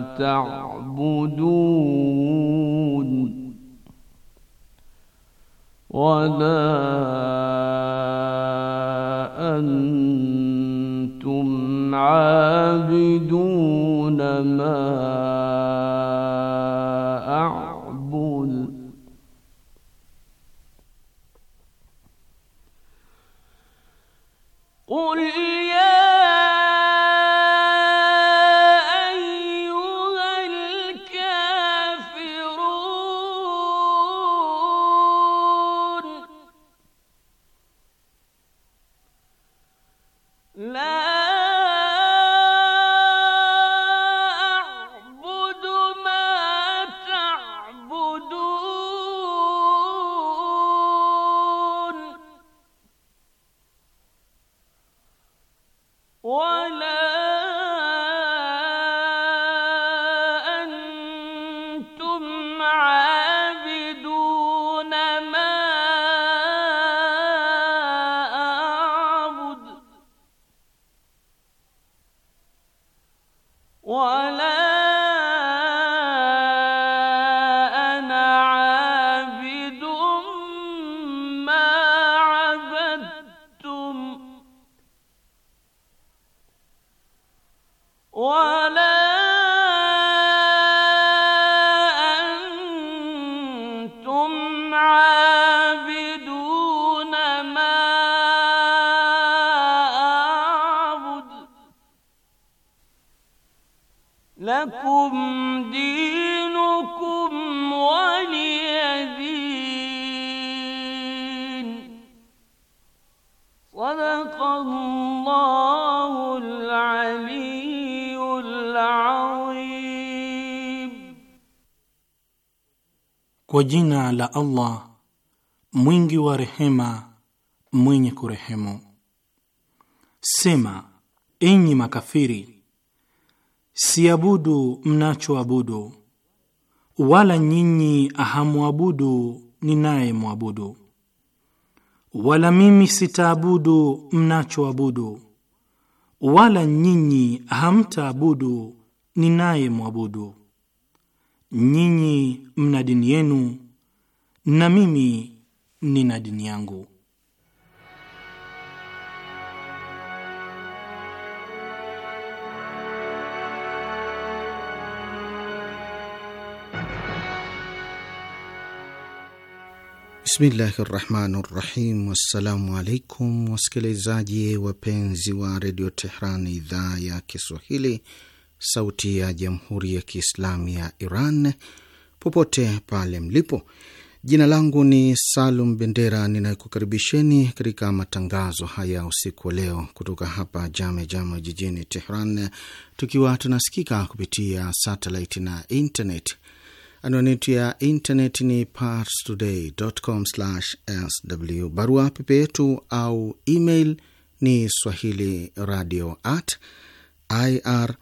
تعبدون ولا أنتم عابدون ما أعبد قل Kwa jina la Allah mwingi wa rehema, mwenye kurehemu. Sema, enyi makafiri, siabudu mnachoabudu, wala nyinyi hamwabudu ninaye mwabudu, wala mimi sitaabudu mnachoabudu, wala nyinyi hamtaabudu ninaye mwabudu nyinyi mna dini yenu na mimi nina dini yangu. Bismillahi rahmani rahim. Wassalamu alaikum wasikilizaji wapenzi wa redio Tehran idhaa ya Kiswahili Sauti ya Jamhuri ya Kiislamu ya Iran popote pale mlipo. Jina langu ni Salum Bendera ninayekukaribisheni katika matangazo haya usiku wa leo kutoka hapa Jame jama jijini Tehran, tukiwa tunasikika kupitia satellite na internet. Anwani yetu ya internet ni parstoday.com/sw. Barua pepe yetu au email ni swahili radio at ir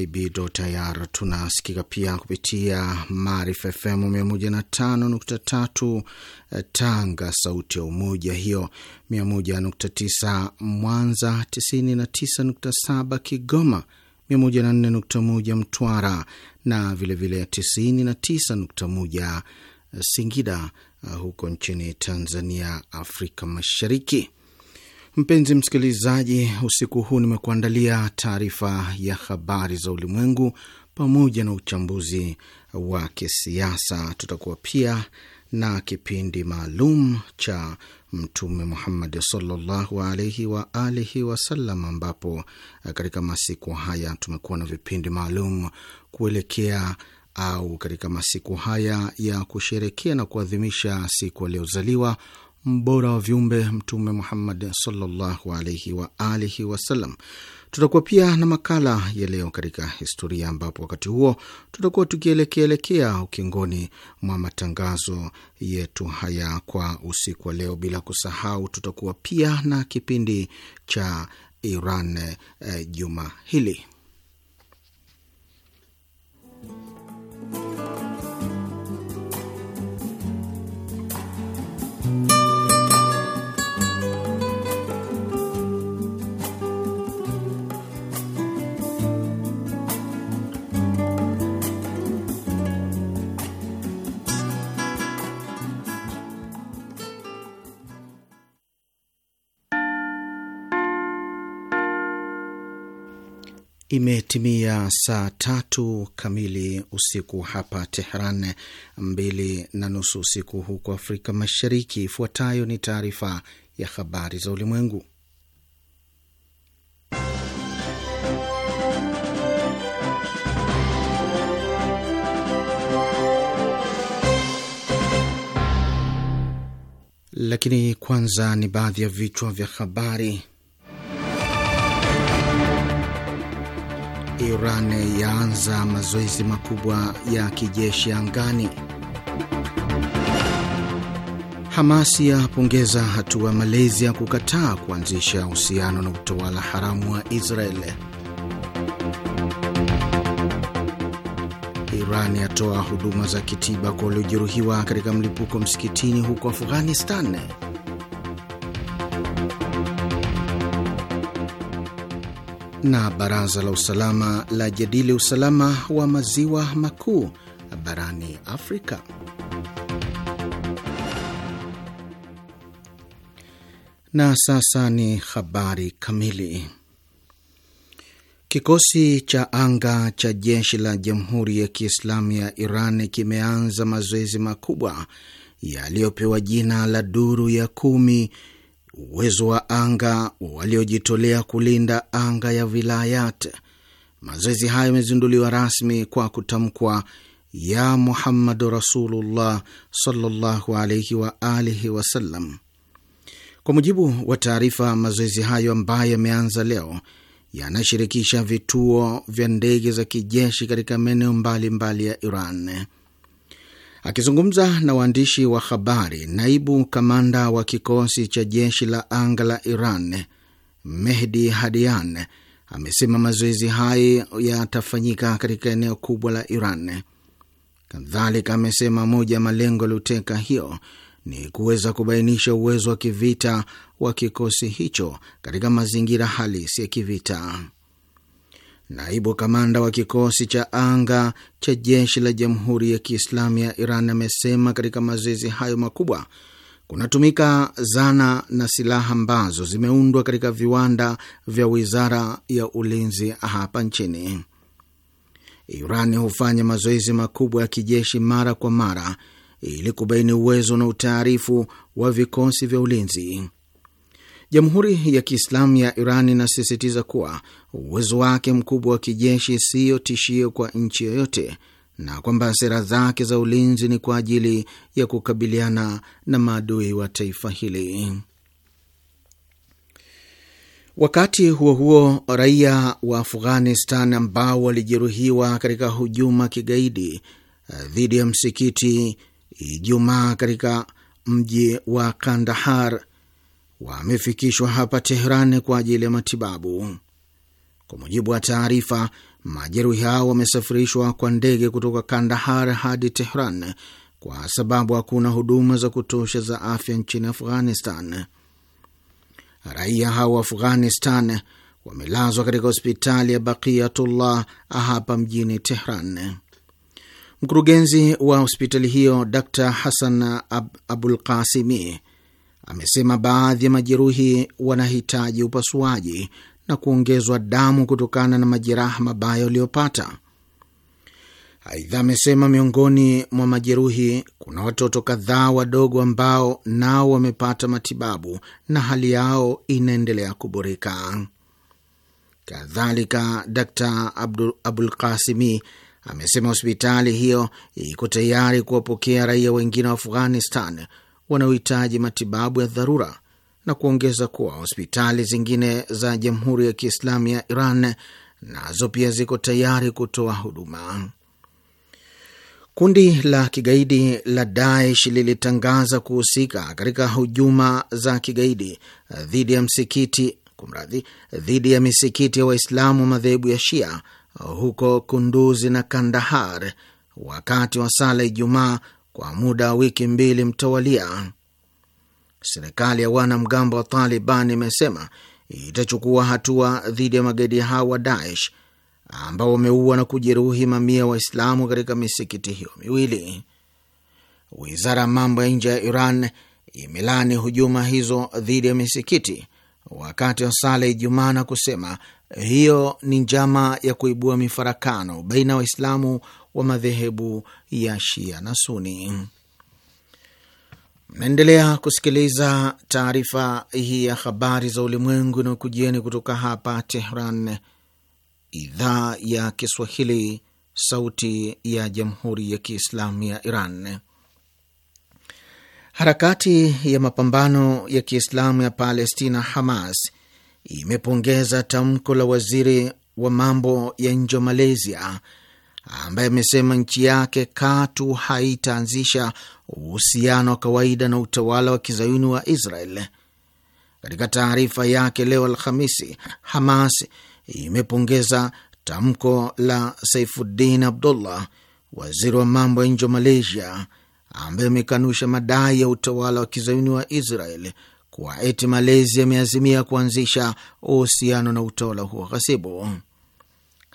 IB.ir. Tunasikika pia kupitia Maarifa FM 105.3 eh, Tanga, Sauti ya Umoja hiyo tisa Mwanza, 99.7 Kigoma, moja Mtwara na vilevile 99.1 eh, Singida eh, huko nchini Tanzania, Afrika Mashariki. Mpenzi msikilizaji, usiku huu nimekuandalia taarifa ya habari za ulimwengu pamoja na uchambuzi wa kisiasa. Tutakuwa pia na kipindi maalum cha Mtume Muhammad sallallahu alaihi wa alihi wasallam, ambapo katika masiku haya tumekuwa na vipindi maalum kuelekea au katika masiku haya ya kusherekea na kuadhimisha siku aliyozaliwa mbora wa viumbe Mtume Muhammad sallallahu alaihi wa alihi wasallam. Tutakuwa pia na makala ya leo katika historia, ambapo wakati huo tutakuwa tukielekeelekea ukingoni mwa matangazo yetu haya kwa usiku wa leo. Bila kusahau, tutakuwa pia na kipindi cha Iran eh, juma hili. Imetimia saa tatu kamili usiku hapa Tehran, mbili na nusu usiku huko Afrika Mashariki. Ifuatayo ni taarifa ya habari za ulimwengu, lakini kwanza ni baadhi ya vichwa vya habari. Iran yaanza mazoezi makubwa ya kijeshi angani. Hamas yapongeza hatua Malaysia kukataa kuanzisha uhusiano na utawala haramu wa Israel. Iran yatoa huduma za kitiba kwa waliojeruhiwa katika mlipuko msikitini huko Afghanistan. na baraza la usalama la jadili usalama wa maziwa makuu barani Afrika. Na sasa ni habari kamili. Kikosi cha anga cha jeshi la Jamhuri ya Kiislamu ya Iran kimeanza mazoezi makubwa yaliyopewa jina la duru ya kumi uwezo wa anga waliojitolea kulinda anga ya Vilayat. Mazoezi hayo yamezinduliwa rasmi kwa kutamkwa ya Muhammadu Rasulullah sallallahu alaihi wa alihi wasallam. Kwa mujibu wa taarifa, mazoezi hayo ambayo yameanza leo yanashirikisha vituo vya ndege za kijeshi katika maeneo mbalimbali ya Iran. Akizungumza na waandishi wa habari, naibu kamanda wa kikosi cha jeshi la anga la Iran Mehdi Hadian amesema mazoezi hayo yatafanyika katika eneo kubwa la Iran. Kadhalika amesema moja ya malengo yaliyoteka hiyo ni kuweza kubainisha uwezo wa kivita wa kikosi hicho katika mazingira halisi ya kivita. Naibu kamanda wa kikosi cha anga cha jeshi la Jamhuri ya Kiislamu ya Iran amesema katika mazoezi hayo makubwa kunatumika zana na silaha ambazo zimeundwa katika viwanda vya wizara ya ulinzi hapa nchini. Iran hufanya mazoezi makubwa ya kijeshi mara kwa mara ili kubaini uwezo na utaarifu wa vikosi vya ulinzi. Jamhuri ya Kiislamu ya Iran inasisitiza kuwa uwezo wake mkubwa wa kijeshi siyo tishio kwa nchi yoyote na kwamba sera zake za ulinzi ni kwa ajili ya kukabiliana na maadui wa taifa hili. Wakati huo huo, raia wa Afghanistan ambao walijeruhiwa katika hujuma kigaidi eh, dhidi ya msikiti Ijumaa katika mji wa Kandahar wamefikishwa hapa Teheran kwa ajili ya matibabu. Kwa mujibu wa taarifa, majeruhi hao wamesafirishwa kwa ndege kutoka Kandahar hadi Tehran kwa sababu hakuna huduma za kutosha za afya nchini Afghanistan. Raia hao wa Afghanistan wamelazwa katika hospitali ya Bakiyatullah hapa mjini Tehran. Mkurugenzi wa hospitali hiyo Dr Hassan Ab Abulkasimi amesema baadhi ya majeruhi wanahitaji upasuaji na kuongezwa damu kutokana na majeraha mabaya waliopata. Aidha, amesema miongoni mwa majeruhi kuna watoto kadhaa wadogo ambao nao wamepata matibabu na hali yao inaendelea kuboreka. Kadhalika, Dkt Abulkasimi amesema hospitali hiyo iko tayari kuwapokea raia wengine wa Afghanistan wanaohitaji matibabu ya dharura na kuongeza kuwa hospitali zingine za Jamhuri ya Kiislamu ya Iran nazo pia ziko tayari kutoa huduma. Kundi la kigaidi la Daesh lilitangaza kuhusika katika hujuma za kigaidi dhidi ya msikiti kumradhi, dhidi ya misikiti ya Waislamu madhehebu ya Shia huko Kunduzi na Kandahar wakati wa sala Ijumaa kwa muda wa wiki mbili mtawalia. Serikali ya wanamgambo wa Taliban imesema itachukua hatua dhidi ya magaidi hao wa Daesh ambao wameua na kujeruhi mamia Waislamu katika misikiti hiyo miwili. Wizara ya mambo ya nje ya Iran imelani hujuma hizo dhidi ya misikiti wakati wa sala Ijumaa na kusema hiyo ni njama ya kuibua mifarakano baina ya Waislamu wa madhehebu ya Shia na Suni. Mnaendelea kusikiliza taarifa hii ya habari za ulimwengu inayokujieni kutoka hapa Tehran, idhaa ya Kiswahili, sauti ya jamhuri ya kiislamu ya Iran. Harakati ya mapambano ya kiislamu ya Palestina, Hamas, imepongeza tamko la waziri wa mambo ya nje wa Malaysia ambaye amesema nchi yake katu haitaanzisha uhusiano wa kawaida na utawala wa kizayuni wa Israel. Katika taarifa yake leo Alhamisi, Hamas imepongeza tamko la Saifuddin Abdullah, waziri wa mambo ya nje wa Malaysia, ambaye amekanusha madai ya utawala wa kizayuni wa Israel kuwa eti Malaysia ameazimia kuanzisha uhusiano na utawala huo ghasibu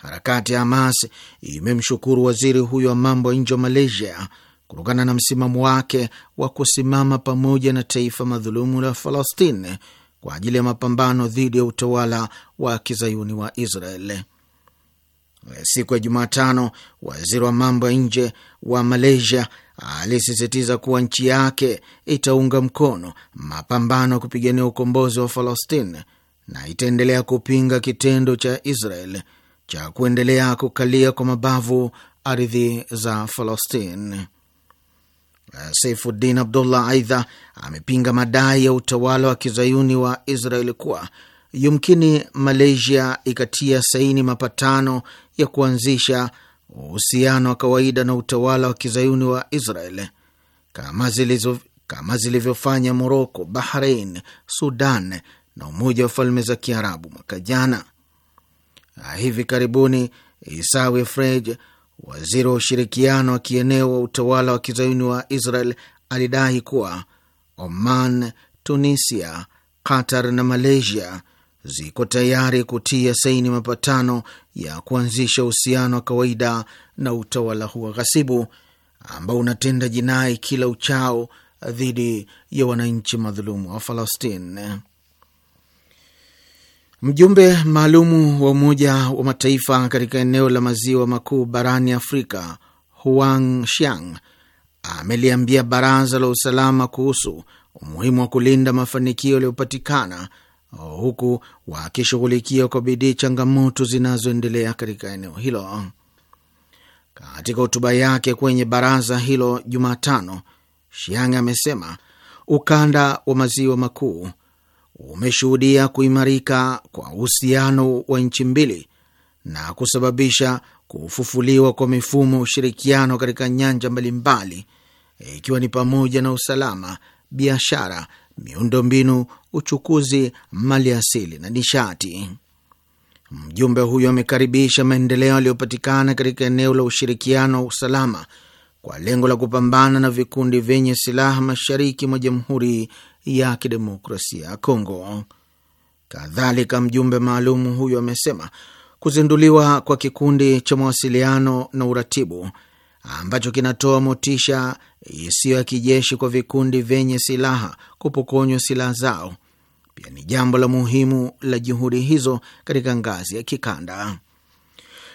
harakati ya Hamas imemshukuru waziri huyo wa mambo ya nje wa Malaysia kutokana na msimamo wake wa kusimama pamoja na taifa madhulumu la Falastine kwa ajili ya mapambano dhidi ya utawala wa kizayuni wa Israel. Siku ya Jumatano, waziri wa mambo ya nje wa Malaysia alisisitiza kuwa nchi yake itaunga mkono mapambano ya kupigania ukombozi wa Falastine na itaendelea kupinga kitendo cha Israel cha kuendelea kukalia kwa mabavu ardhi za Falastini. Saifuddin Abdullah aidha amepinga madai ya utawala wa kizayuni wa israel kuwa yumkini Malaysia ikatia saini mapatano ya kuanzisha uhusiano wa kawaida na utawala wa kizayuni wa israel kama zilizo kama zilivyofanya Moroko, Bahrain, Sudan na Umoja wa Falme za Kiarabu mwaka jana. Hivi karibuni Isawi Frej, waziri wa ushirikiano wa kieneo wa utawala wa kizayuni wa Israel, alidai kuwa Oman, Tunisia, Qatar na Malaysia ziko tayari kutia saini mapatano ya kuanzisha uhusiano wa kawaida na utawala huo ghasibu ambao unatenda jinai kila uchao dhidi ya wananchi madhulumu wa falastine Mjumbe maalumu wa Umoja wa Mataifa katika eneo la maziwa makuu barani Afrika, Huang Xiang, ameliambia Baraza la Usalama kuhusu umuhimu wa kulinda mafanikio yaliyopatikana huku wakishughulikia kwa bidii changamoto zinazoendelea katika eneo hilo. Katika hotuba yake kwenye baraza hilo Jumatano, Shiang amesema ukanda wa maziwa makuu umeshuhudia kuimarika kwa uhusiano wa nchi mbili na kusababisha kufufuliwa kwa mifumo ya ushirikiano katika nyanja mbalimbali ikiwa ni pamoja na usalama, biashara, miundombinu, uchukuzi, mali asili na nishati. Mjumbe huyo amekaribisha maendeleo yaliyopatikana katika eneo la ushirikiano wa usalama kwa lengo la kupambana na vikundi vyenye silaha mashariki mwa Jamhuri ya Kidemokrasia ya Kongo. Kadhalika, mjumbe maalum huyo amesema kuzinduliwa kwa kikundi cha mawasiliano na uratibu ambacho kinatoa motisha isiyo ya kijeshi kwa vikundi vyenye silaha kupokonywa silaha zao pia ni jambo la muhimu la juhudi hizo katika ngazi ya kikanda.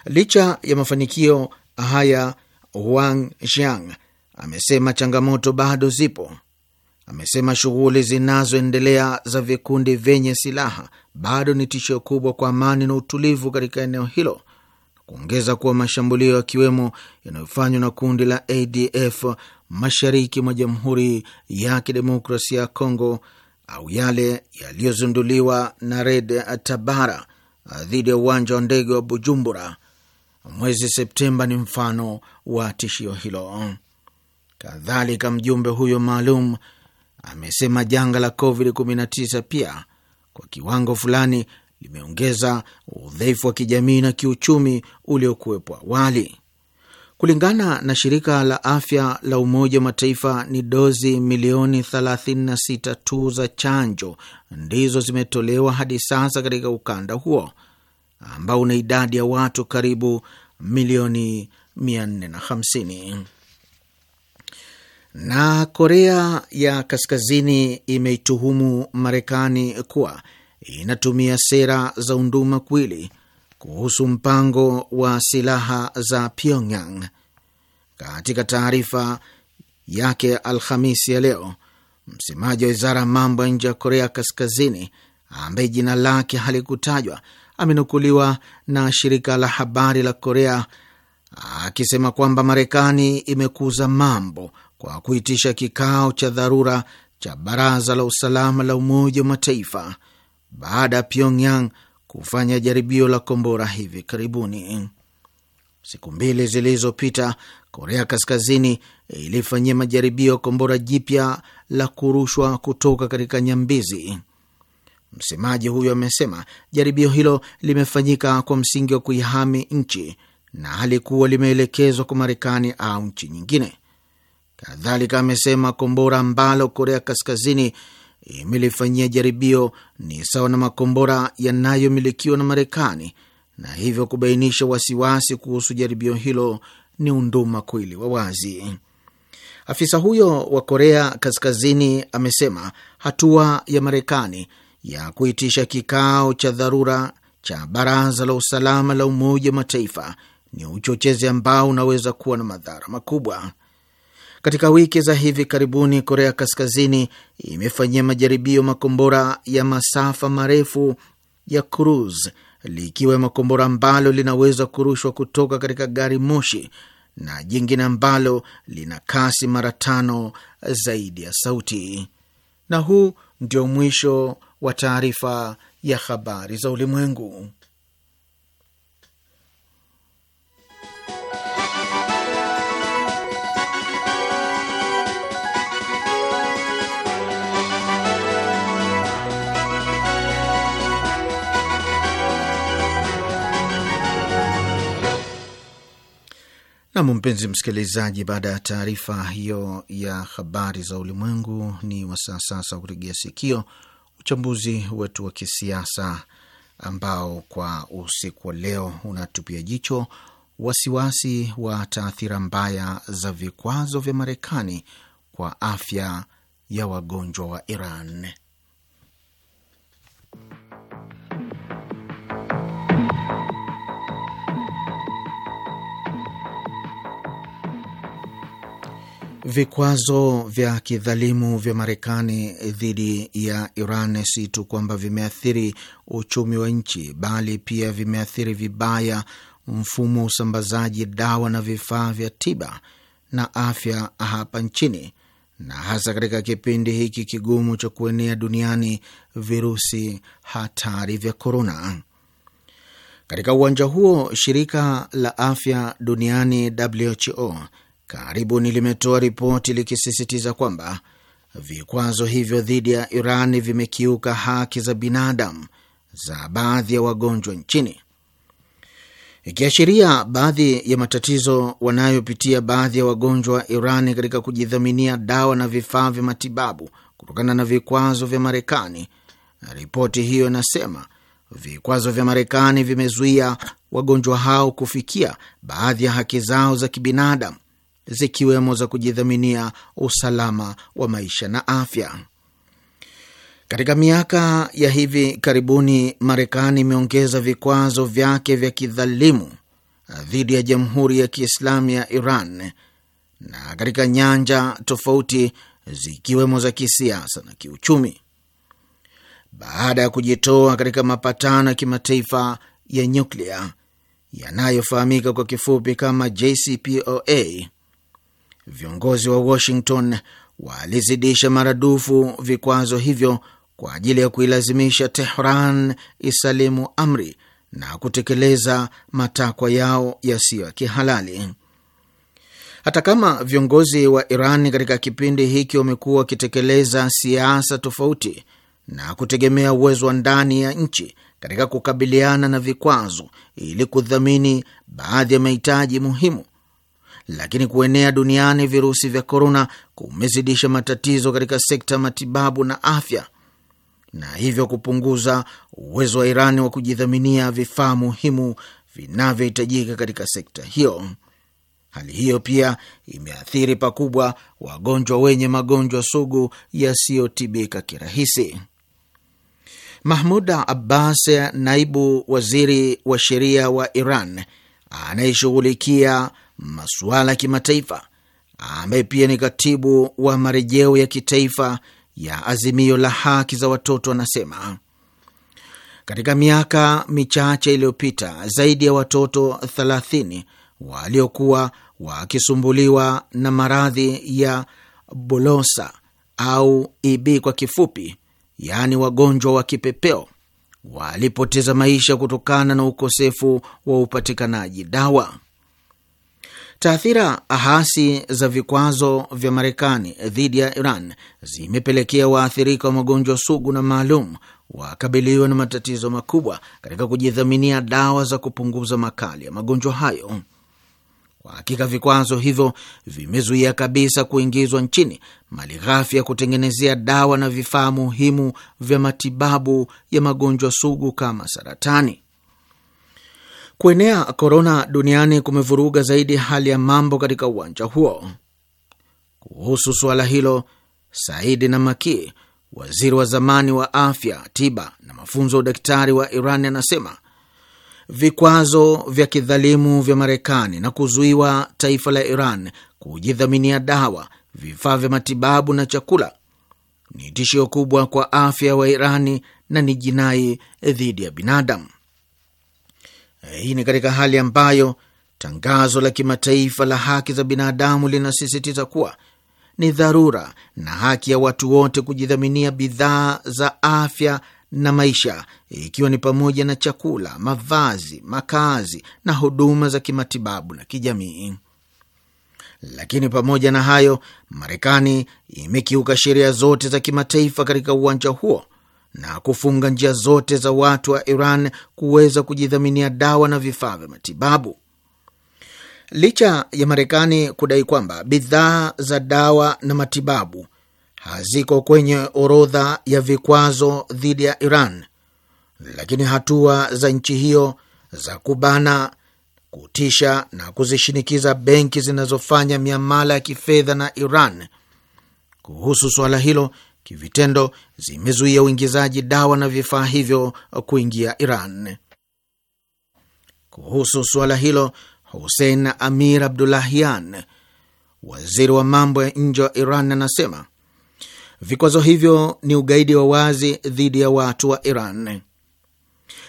Licha ya mafanikio haya, Wang Xiang amesema changamoto bado zipo amesema shughuli zinazoendelea za vikundi vyenye silaha bado ni tishio kubwa kwa amani na utulivu katika eneo hilo, na kuongeza kuwa mashambulio yakiwemo yanayofanywa na kundi la ADF mashariki mwa Jamhuri ya Kidemokrasia ya Kongo au yale yaliyozinduliwa na Red Tabara dhidi ya uwanja wa ndege wa Bujumbura mwezi Septemba ni mfano wa tishio hilo. Kadhalika, mjumbe huyo maalum amesema janga la COVID-19 pia kwa kiwango fulani limeongeza udhaifu wa kijamii na kiuchumi uliokuwepo awali. Kulingana na shirika la afya la Umoja wa Mataifa, ni dozi milioni 36 tu za chanjo ndizo zimetolewa hadi sasa katika ukanda huo ambao una idadi ya watu karibu milioni 450. Na Korea ya Kaskazini imeituhumu Marekani kuwa inatumia sera za unduma kwili kuhusu mpango wa silaha za Pyongyang. Katika taarifa yake Alhamisi ya leo, msemaji wa wizara ya mambo ya nje ya Korea Kaskazini ambaye jina lake halikutajwa amenukuliwa na shirika la habari la Korea akisema kwamba Marekani imekuza mambo kwa kuitisha kikao cha dharura cha Baraza la Usalama la Umoja wa Mataifa baada ya Pyongyang kufanya jaribio la kombora hivi karibuni. Siku mbili zilizopita, Korea Kaskazini ilifanyia majaribio kombora jipya la kurushwa kutoka katika nyambizi. Msemaji huyo amesema jaribio hilo limefanyika kwa msingi wa kuihami nchi na halikuwa limeelekezwa kwa Marekani au nchi nyingine. Kadhalika amesema kombora ambalo Korea Kaskazini imelifanyia jaribio ni sawa na makombora yanayomilikiwa na Marekani na hivyo kubainisha wasiwasi kuhusu jaribio hilo ni unduma kweli wa wazi. Afisa huyo wa Korea Kaskazini amesema hatua ya Marekani ya kuitisha kikao cha dharura cha Baraza la Usalama la Umoja wa Mataifa ni uchochezi ambao unaweza kuwa na madhara makubwa. Katika wiki za hivi karibuni, Korea Kaskazini imefanyia majaribio makombora ya masafa marefu ya Cruise, likiwa makombora ambalo linaweza kurushwa kutoka katika gari moshi na jingine ambalo lina kasi mara tano zaidi ya sauti. Na huu ndio mwisho wa taarifa ya habari za ulimwengu. Nam, mpenzi msikilizaji, baada ya taarifa hiyo ya habari za ulimwengu, ni wasaa sasa wa kuregea sikio uchambuzi wetu wa kisiasa ambao kwa usiku wa leo unatupia jicho wasiwasi wa taathira mbaya za vikwazo vya Marekani kwa afya ya wagonjwa wa Iran. Vikwazo vya kidhalimu vya Marekani dhidi ya Iran si tu kwamba vimeathiri uchumi wa nchi, bali pia vimeathiri vibaya mfumo wa usambazaji dawa na vifaa vya tiba na afya hapa nchini, na hasa katika kipindi hiki kigumu cha kuenea duniani virusi hatari vya korona. Katika uwanja huo, shirika la afya duniani WHO karibuni limetoa ripoti likisisitiza kwamba vikwazo hivyo dhidi ya Iran vimekiuka haki za binadamu za baadhi ya wagonjwa nchini, ikiashiria baadhi ya matatizo wanayopitia baadhi ya wagonjwa wa Iran katika kujidhaminia dawa na vifaa vya matibabu kutokana na vikwazo vya Marekani. Ripoti hiyo inasema vikwazo vya Marekani vimezuia wagonjwa hao kufikia baadhi ya haki zao za kibinadamu zikiwemo za kujidhaminia usalama wa maisha na afya. Katika miaka ya hivi karibuni, Marekani imeongeza vikwazo vyake vya kidhalimu dhidi ya Jamhuri ya Kiislamu ya Iran na katika nyanja tofauti zikiwemo za kisiasa na kiuchumi, baada ya kujitoa katika mapatano ya kimataifa ya nyuklia yanayofahamika kwa kifupi kama JCPOA viongozi wa Washington walizidisha maradufu vikwazo hivyo kwa ajili ya kuilazimisha Tehran isalimu amri na kutekeleza matakwa yao yasiyo ya kihalali. Hata kama viongozi wa Iran katika kipindi hiki wamekuwa wakitekeleza siasa tofauti na kutegemea uwezo wa ndani ya nchi katika kukabiliana na vikwazo ili kudhamini baadhi ya mahitaji muhimu lakini kuenea duniani virusi vya korona kumezidisha matatizo katika sekta ya matibabu na afya na hivyo kupunguza uwezo wa Irani wa kujidhaminia vifaa muhimu vinavyohitajika katika sekta hiyo. Hali hiyo pia imeathiri pakubwa wagonjwa wenye magonjwa sugu yasiyotibika kirahisi. Mahmud Abbas, naibu waziri wa sheria wa Iran anayeshughulikia masuala ya kimataifa, ambaye pia ni katibu wa marejeo ya kitaifa ya Azimio la Haki za Watoto, anasema katika miaka michache iliyopita zaidi ya watoto 30 waliokuwa wakisumbuliwa na maradhi ya bolosa au EB kwa kifupi, yaani wagonjwa wa kipepeo, walipoteza maisha kutokana na ukosefu wa upatikanaji dawa. Taathira hasi za vikwazo vya Marekani dhidi ya Iran zimepelekea waathirika wa magonjwa sugu na maalum wakabiliwa na matatizo makubwa katika kujidhaminia dawa za kupunguza makali ya magonjwa hayo. Kwa hakika vikwazo hivyo vimezuia kabisa kuingizwa nchini mali ghafi ya kutengenezea dawa na vifaa muhimu vya matibabu ya magonjwa sugu kama saratani. Kuenea korona duniani kumevuruga zaidi hali ya mambo katika uwanja huo. Kuhusu suala hilo, Saidi Namaki, waziri wa zamani wa afya, tiba na mafunzo ya udaktari wa Iran, anasema vikwazo vya kidhalimu vya Marekani na kuzuiwa taifa la Iran kujidhaminia dawa, vifaa vya matibabu na chakula ni tishio kubwa kwa afya wa Irani na ni jinai dhidi ya binadamu. Hii ni katika hali ambayo tangazo la kimataifa la haki za binadamu linasisitiza kuwa ni dharura na haki ya watu wote kujidhaminia bidhaa za afya na maisha, ikiwa ni pamoja na chakula, mavazi, makazi na huduma za kimatibabu na kijamii. Lakini pamoja na hayo, Marekani imekiuka sheria zote za kimataifa katika uwanja huo na kufunga njia zote za watu wa Iran kuweza kujidhaminia dawa na vifaa vya matibabu. Licha ya Marekani kudai kwamba bidhaa za dawa na matibabu haziko kwenye orodha ya vikwazo dhidi ya Iran, lakini hatua za nchi hiyo za kubana, kutisha na kuzishinikiza benki zinazofanya miamala ya kifedha na Iran kuhusu suala hilo kivitendo zimezuia uingizaji dawa na vifaa hivyo kuingia Iran. Kuhusu suala hilo, Hussein Amir Abdullahian, waziri wa mambo ya nje wa Iran, anasema vikwazo hivyo ni ugaidi wa wazi dhidi ya watu wa Iran.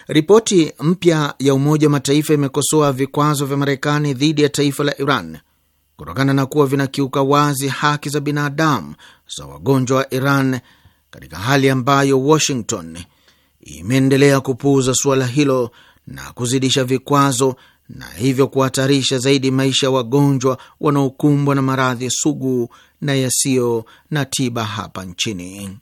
Ripoti mpya ya Umoja wa Mataifa imekosoa vikwazo vya Marekani dhidi ya taifa la Iran kutokana na kuwa vinakiuka wazi haki za binadamu za wagonjwa wa Iran katika hali ambayo Washington imeendelea kupuuza suala hilo na kuzidisha vikwazo na hivyo kuhatarisha zaidi maisha ya wagonjwa wanaokumbwa na maradhi sugu na yasiyo na tiba hapa nchini.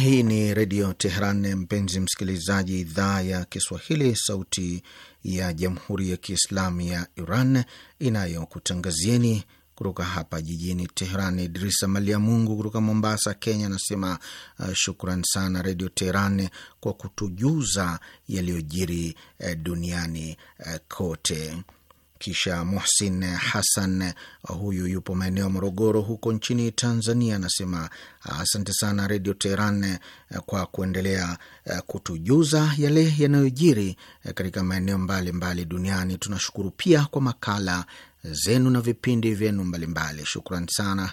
Hii ni Redio Teheran, mpenzi msikilizaji, idhaa ya Kiswahili, sauti ya Jamhuri ya Kiislamu ya Iran inayokutangazieni kutoka hapa jijini Teheran. Idrisa Malia Mungu kutoka Mombasa, Kenya, anasema uh, shukran sana Redio Teheran kwa kutujuza yaliyojiri uh, duniani uh, kote. Kisha Muhsin Hassan, huyu yupo maeneo ya Morogoro huko nchini Tanzania, anasema asante sana Redio Teheran kwa kuendelea eh, kutujuza yale yanayojiri eh, katika maeneo mbalimbali duniani. Tunashukuru pia kwa makala zenu na vipindi vyenu mbalimbali. Shukran sana.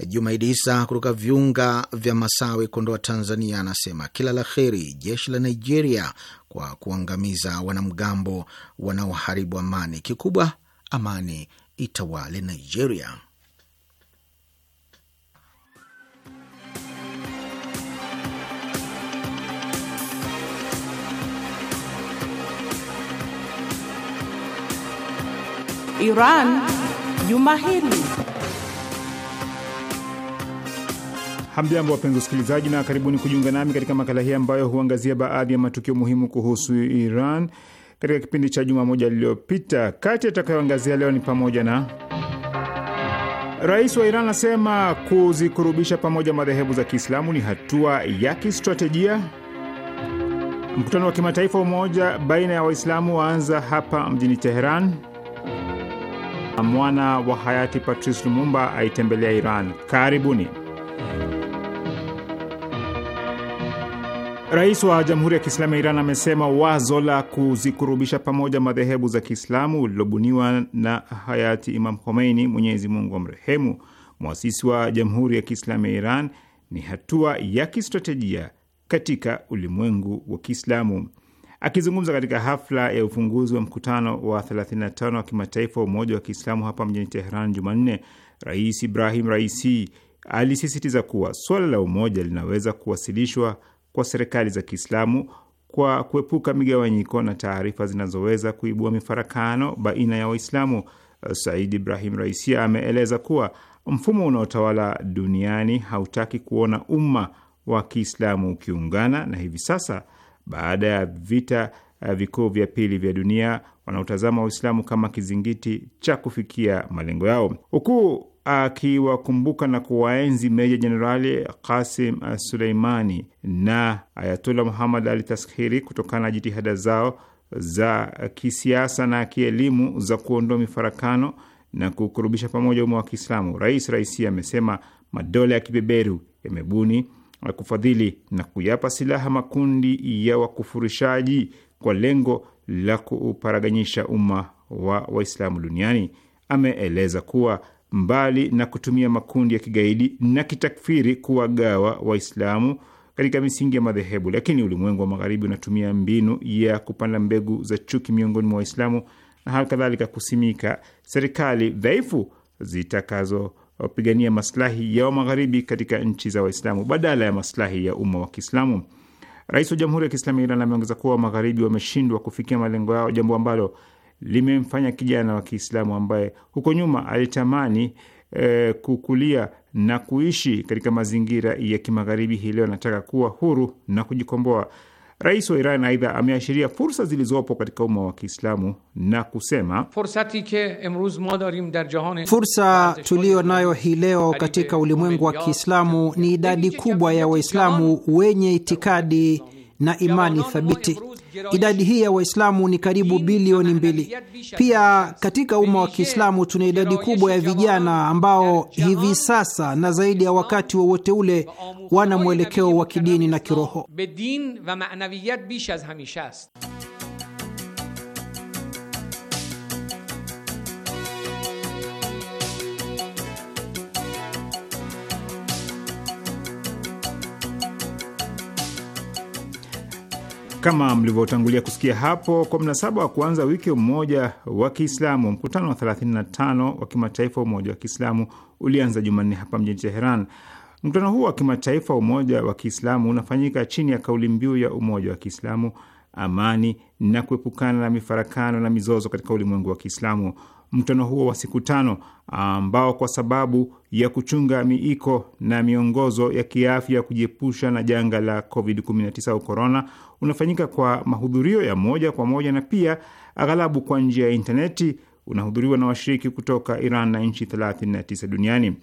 Jumaidi Isa kutoka viunga vya Masawi, Kondoa, Tanzania, anasema kila la kheri jeshi la Nigeria kwa kuangamiza wanamgambo wanaoharibu amani. Kikubwa amani itawale Nigeria. Iran juma hili Hamjambo, wapenzi wasikilizaji, na karibuni kujiunga nami katika makala hii ambayo huangazia baadhi ya matukio muhimu kuhusu Iran katika kipindi cha juma moja lililopita. Kati atakayoangazia leo ni pamoja na Rais wa Iran anasema kuzikurubisha pamoja madhehebu za Kiislamu ni hatua ya kistratejia. Mkutano wa kimataifa umoja baina ya Waislamu waanza hapa mjini Teheran. Mwana wa hayati Patrice Lumumba aitembelea Iran. Karibuni. Rais wa Jamhuri ya Kiislamu ya Iran amesema wazo la kuzikurubisha pamoja madhehebu za Kiislamu lililobuniwa na hayati Imam Khomeini, Mwenyezi Mungu amrehemu, mwasisi wa Jamhuri ya Kiislamu ya Iran, ni hatua ya kistratejia katika ulimwengu wa Kiislamu. Akizungumza katika hafla ya ufunguzi wa mkutano wa 35 wa kimataifa wa Umoja wa Kiislamu hapa mjini Teheran Jumanne, Rais Ibrahim Raisi alisisitiza kuwa suala la umoja linaweza kuwasilishwa kwa serikali za Kiislamu kwa kuepuka migawanyiko na taarifa zinazoweza kuibua mifarakano baina ya Waislamu. Said Ibrahim Raisi ameeleza kuwa mfumo unaotawala duniani hautaki kuona umma wa Kiislamu ukiungana, na hivi sasa baada ya vita eh, vikuu vya pili vya dunia wanaotazama Waislamu kama kizingiti cha kufikia malengo yao. Ukuu akiwakumbuka na kuwaenzi Meja Jenerali Kasim Suleimani na Ayatullah Muhammad Ali Taskhiri kutokana na jitihada zao za kisiasa na kielimu za kuondoa mifarakano na kukurubisha pamoja umma wa Kiislamu. Rais Raisi amesema madola ya kibeberu yamebuni kufadhili na kuyapa silaha makundi ya wakufurishaji kwa lengo la kuparaganyisha umma wa Waislamu duniani. Ameeleza kuwa mbali na kutumia makundi ya kigaidi na kitakfiri kuwagawa Waislamu katika misingi ya madhehebu, lakini ulimwengu wa magharibi unatumia mbinu ya kupanda mbegu za chuki miongoni mwa Waislamu na hali kadhalika kusimika serikali dhaifu zitakazopigania maslahi ya wamagharibi katika nchi za Waislamu badala ya maslahi ya umma wa Kiislamu. Rais wa Jamhuri ya Kiislamu ya Iran ameongeza kuwa wamagharibi wameshindwa kufikia malengo yao, jambo ambalo limemfanya kijana wa Kiislamu ambaye huko nyuma alitamani e, kukulia na kuishi katika mazingira ya kimagharibi, hii leo anataka kuwa huru na kujikomboa. Rais wa Iran aidha ameashiria fursa zilizopo katika umma wa Kiislamu na kusema fursa tuliyo nayo hii leo katika ulimwengu wa Kiislamu ni idadi kubwa ya Waislamu wenye itikadi na imani thabiti. Idadi hii ya Waislamu ni karibu bilioni mbili. Pia katika umma wa Kiislamu tuna idadi kubwa ya vijana ambao hivi sasa na zaidi ya wakati wowote wa ule wana mwelekeo wa kidini na kiroho. Kama mlivyotangulia kusikia hapo, kwa mnasaba wa kuanza wiki umoja wa Kiislamu, mkutano wa 35 wa kimataifa wa umoja wa Kiislamu ulianza Jumanne hapa mjini Teheran. Mkutano huu wa kimataifa wa umoja wa Kiislamu unafanyika chini ya kauli mbiu ya umoja wa Kiislamu, amani na kuepukana na mifarakano na mizozo katika ulimwengu wa Kiislamu. Mkutano huo wa siku tano ambao kwa sababu ya kuchunga miiko na miongozo ya kiafya kujiepusha na janga la COVID-19 au korona unafanyika kwa mahudhurio ya moja kwa moja na pia aghalabu kwa njia ya intaneti. Unahudhuriwa na washiriki kutoka Iran na nchi 39 duniani.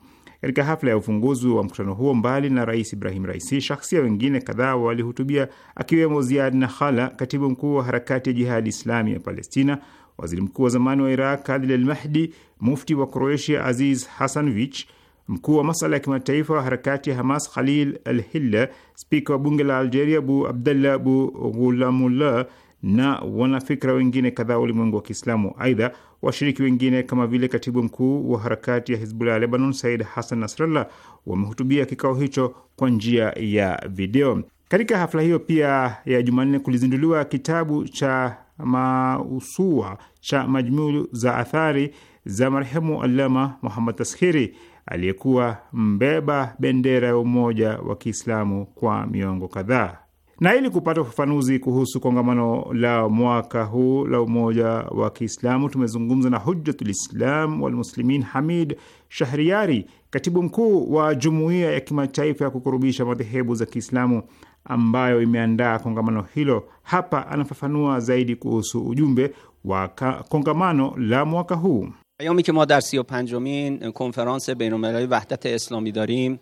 Katika hafla ya ufunguzi wa mkutano huo, mbali na Rais Ibrahim Raisi, shahsia wengine kadhaa walihutubia, akiwemo Ziad Nakhala, katibu mkuu wa harakati ya Jihadi Islami ya Palestina, waziri mkuu wa zamani wa Iraq Adil Al Mahdi, mufti wa Kroatia Aziz Hasanvich Mkuu wa masala ya kimataifa wa harakati ya Hamas Khalil Al Hilla, spika wa bunge la Algeria Bu Abdallah Bu Ghulamullah na wanafikra wengine kadhaa wa ulimwengu wa Kiislamu. Aidha, washiriki wengine kama vile katibu mkuu wa harakati ya Hizbullah ya Lebanon Said Hassan Nasrallah wamehutubia kikao hicho kwa njia ya video. Katika hafla hiyo pia ya Jumanne kulizinduliwa kitabu cha mausua cha majmuu za athari za marehemu Allama Muhammad Tashiri aliyekuwa mbeba bendera ya umoja wa Kiislamu kwa miongo kadhaa. Na ili kupata ufafanuzi kuhusu kongamano la mwaka huu la umoja wa Kiislamu, tumezungumza na Hujjatul Islam Walmuslimin Hamid Shahriari, katibu mkuu wa jumuiya ya kimataifa ya kukurubisha madhehebu za Kiislamu ambayo imeandaa kongamano hilo. Hapa anafafanua zaidi kuhusu ujumbe wa kongamano la mwaka huu.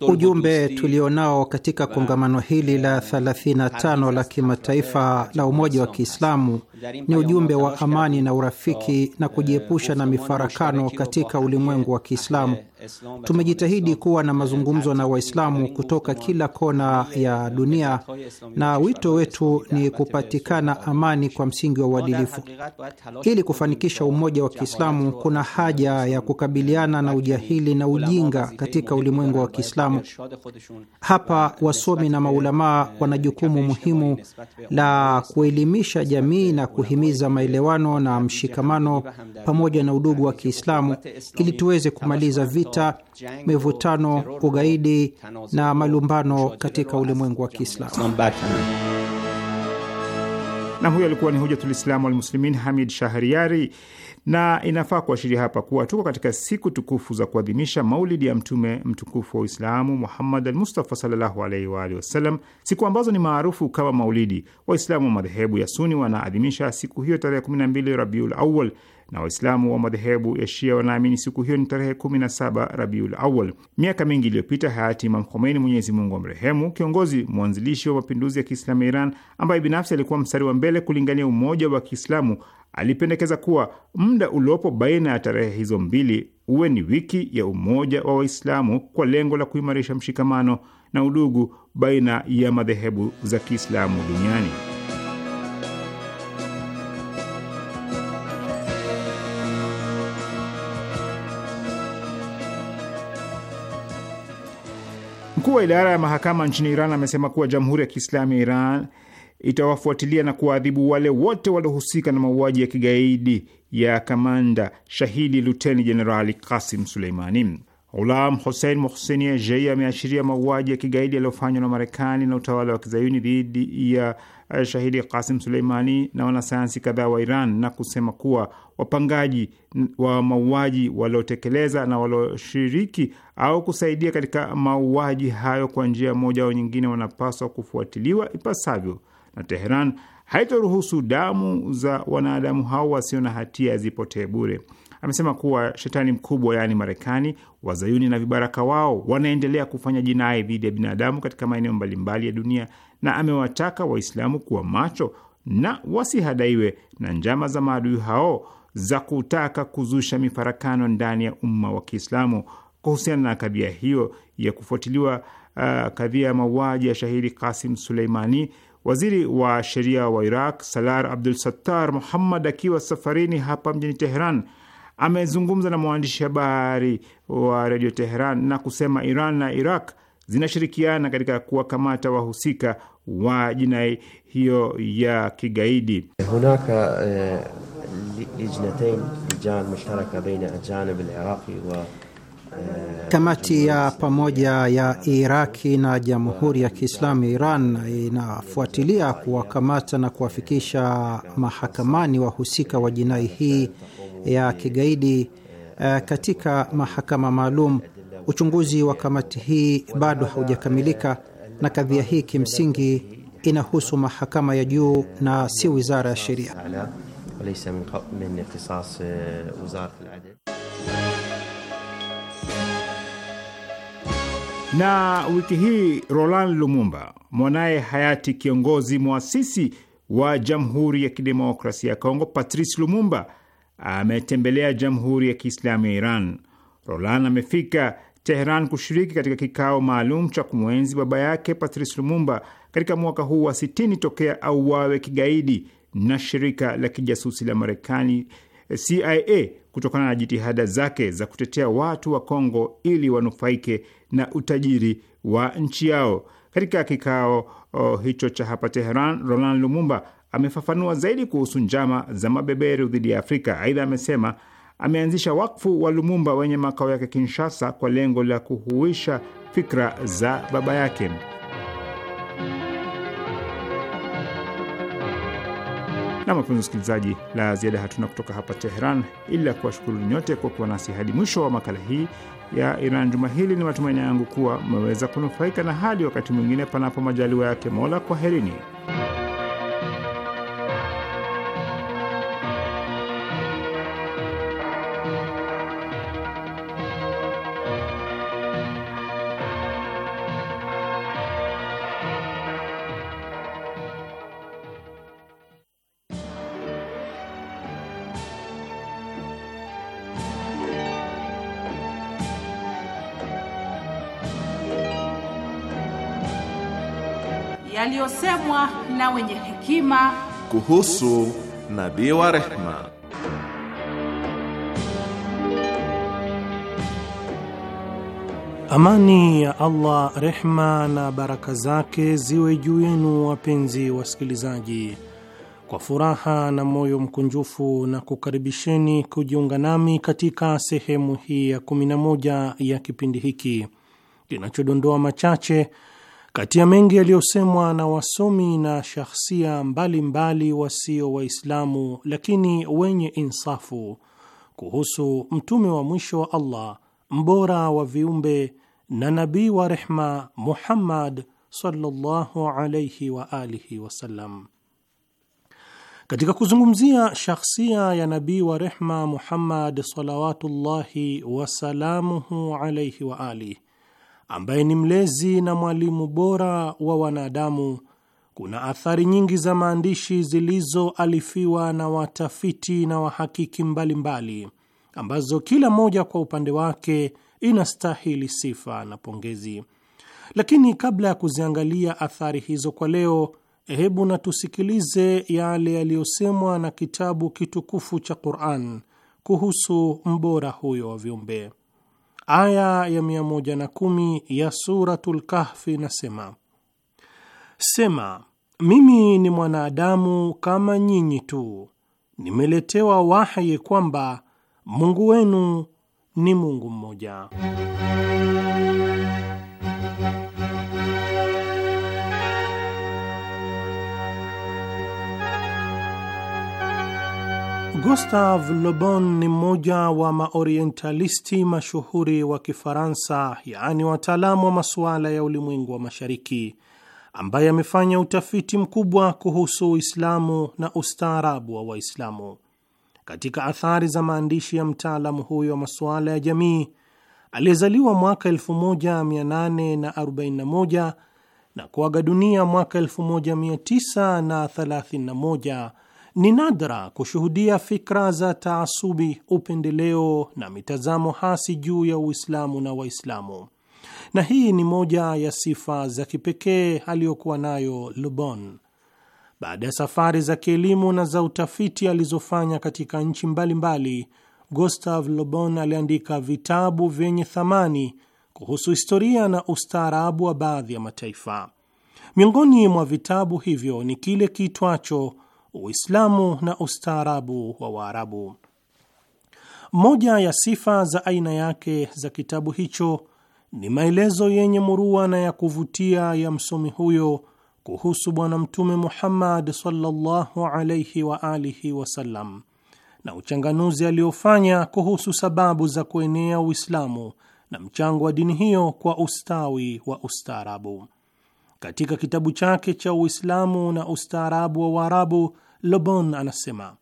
Ujumbe tulionao katika kongamano hili la 35 la kimataifa la umoja wa Kiislamu ni ujumbe wa amani na urafiki na kujiepusha na mifarakano katika ulimwengu wa Kiislamu. Tumejitahidi kuwa na mazungumzo na Waislamu kutoka kila kona ya dunia, na wito wetu ni kupatikana amani kwa msingi wa uadilifu. Ili kufanikisha umoja wa Kiislamu kuna haja haja ya kukabiliana na ujahili na ujinga katika ulimwengu wa Kiislamu. Hapa wasomi na maulamaa wana jukumu muhimu la kuelimisha jamii na kuhimiza maelewano na mshikamano pamoja na udugu wa Kiislamu ili tuweze kumaliza vita, mivutano, ugaidi na malumbano katika ulimwengu wa Kiislamu. Na huyo alikuwa ni Hujatulislamu Walmuslimin Hamid Shahriari na inafaa kuashiria hapa kuwa tuko katika siku tukufu za kuadhimisha maulidi ya mtume mtukufu wa Uislamu Muhammad al Mustafa sallallahu alaihi wa alihi wasallam, siku ambazo ni maarufu kama maulidi. Waislamu wa madhehebu ya Suni wanaadhimisha siku hiyo tarehe 12 Rabiul Awal na Waislamu wa madhehebu ya Shia wanaamini siku hiyo ni tarehe 17 Rabiul Awal. Miaka mingi iliyopita, hayati Imam Khomeini, Mwenyezi Mungu amrehemu, kiongozi mwanzilishi wa mapinduzi ya Kiislamu ya Iran, ambaye binafsi alikuwa mstari wa mbele kulingania umoja wa Kiislamu, alipendekeza kuwa muda uliopo baina ya tarehe hizo mbili uwe ni wiki ya umoja wa Waislamu kwa lengo la kuimarisha mshikamano na udugu baina ya madhehebu za Kiislamu duniani. Mkuu wa idara ya mahakama nchini Iran amesema kuwa Jamhuri ya Kiislamu ya Iran itawafuatilia na kuwaadhibu wale wote waliohusika na mauaji ya kigaidi ya kamanda shahidi luteni jenerali Kasim Suleimani. Ghulam Hussein Mohseni Ejei ameashiria mauaji ya kigaidi yaliyofanywa na Marekani na utawala wa kizayuni dhidi ya eh, shahidi Kasim Suleimani na wanasayansi kadhaa wa Iran na kusema kuwa wapangaji wa mauaji waliotekeleza na walioshiriki au kusaidia katika mauaji hayo kwa njia moja au nyingine wanapaswa kufuatiliwa ipasavyo na Teheran haitoruhusu damu za wanadamu hao wasio na hatia zipotee bure amesema kuwa shetani mkubwa, yaani Marekani, wazayuni na vibaraka wao wanaendelea kufanya jinai dhidi ya binadamu katika maeneo mbalimbali ya dunia, na amewataka Waislamu kuwa macho na wasihadaiwe na njama za maadui hao za kutaka kuzusha mifarakano ndani ya umma wa Kiislamu. Kuhusiana na kadhia hiyo ya kufuatiliwa uh, kadhia ya mauaji ya shahidi Kasim Suleimani, waziri wa sheria wa Iraq Salar Abdul Sattar Muhammad akiwa safarini hapa mjini Teheran amezungumza na mwandishi habari wa redio Teheran na kusema Iran na Iraq zinashirikiana katika kuwakamata wahusika wa jinai hiyo ya kigaidi. hunaka eh, lijnatain eh, Kamati ya pamoja ya Iraki na Jamhuri ya Kiislamu ya Iran inafuatilia kuwakamata na kuwafikisha mahakamani wahusika wa jinai hii ya kigaidi uh, katika mahakama maalum. Uchunguzi wa kamati hii bado haujakamilika na kadhia hii kimsingi inahusu mahakama ya juu na si wizara ya sheria. Eh, na wiki hii Roland Lumumba, mwanaye hayati kiongozi mwasisi wa Jamhuri ya Kidemokrasia ya Kongo Patrice Lumumba ametembelea Jamhuri ya Kiislamu ya Iran. Roland amefika Teheran kushiriki katika kikao maalum cha kumwenzi baba yake Patrice Lumumba katika mwaka huu wa 60 tokea auawe kigaidi na shirika la kijasusi la Marekani CIA kutokana na jitihada zake za kutetea watu wa Kongo ili wanufaike na utajiri wa nchi yao. Katika kikao oh, hicho cha hapa Teheran, Roland Lumumba amefafanua zaidi kuhusu njama za mabeberu dhidi ya Afrika. Aidha, amesema ameanzisha wakfu wa Lumumba wenye makao yake Kinshasa kwa lengo la kuhuisha fikra za baba yake. Na mapenzi msikilizaji, la ziada hatuna kutoka hapa Teheran, ila kuwashukuru nyote kwa kuwa nasi hadi mwisho wa makala hii ya Iran juma hili. Ni matumaini yangu kuwa mmeweza kunufaika, na hadi wakati mwingine, panapo majaliwa yake Mola, kwaherini. wenye hekima kuhusu nabii wa rehma. Amani ya Allah, rehma na baraka zake ziwe juu yenu, wapenzi wasikilizaji. Kwa furaha na moyo mkunjufu na kukaribisheni kujiunga nami katika sehemu hii ya 11 ya kipindi hiki kinachodondoa machache kati ya mengi yaliyosemwa na wasomi na shahsia mbalimbali wasio Waislamu lakini wenye insafu kuhusu mtume wa mwisho wa Allah, mbora wa viumbe na nabii wa rehma Muhammad sallallahu alayhi wa alihi wasallam. Katika kuzungumzia shakhsia ya nabii wa rehma Muhammad salawatullahi wasalamuhu alayhi wa alihi ambaye ni mlezi na mwalimu bora wa wanadamu, kuna athari nyingi za maandishi zilizoalifiwa na watafiti na wahakiki mbalimbali mbali, ambazo kila moja kwa upande wake inastahili sifa na pongezi. Lakini kabla ya kuziangalia athari hizo kwa leo, hebu na tusikilize yale yaliyosemwa na kitabu kitukufu cha Qur'an kuhusu mbora huyo wa viumbe aya ya 110 ya Suratul Kahfi inasema: Sema, mimi ni mwanadamu kama nyinyi tu, nimeletewa wahi kwamba Mungu wenu ni Mungu mmoja. Gustave Le Bon ni mmoja wa maorientalisti mashuhuri wa Kifaransa, yaani wataalamu wa masuala ya ulimwengu wa mashariki, ambaye amefanya utafiti mkubwa kuhusu Uislamu na ustaarabu wa Waislamu. Katika athari za maandishi ya mtaalamu huyo wa masuala ya jamii aliyezaliwa mwaka 1841 na kuaga dunia mwaka 1931 ni nadra kushuhudia fikra za taasubi, upendeleo na mitazamo hasi juu ya Uislamu na Waislamu, na hii ni moja ya sifa za kipekee aliyokuwa nayo Lubon. Baada ya safari za kielimu na za utafiti alizofanya katika nchi mbalimbali, Gustave Le aliandika vitabu vyenye thamani kuhusu historia na ustaarabu wa baadhi ya mataifa. Miongoni mwa vitabu hivyo ni kile kiitwacho Uislamu na ustaarabu wa Waarabu. Moja ya sifa za aina yake za kitabu hicho ni maelezo yenye murua na ya kuvutia ya msomi huyo kuhusu Bwana Mtume Muhammad sallallahu alaihi wa alihi wasallam na uchanganuzi aliofanya kuhusu sababu za kuenea Uislamu na mchango wa dini hiyo kwa ustawi wa ustaarabu. Katika kitabu chake cha Uislamu na ustaarabu wa Waarabu, Lobon anasema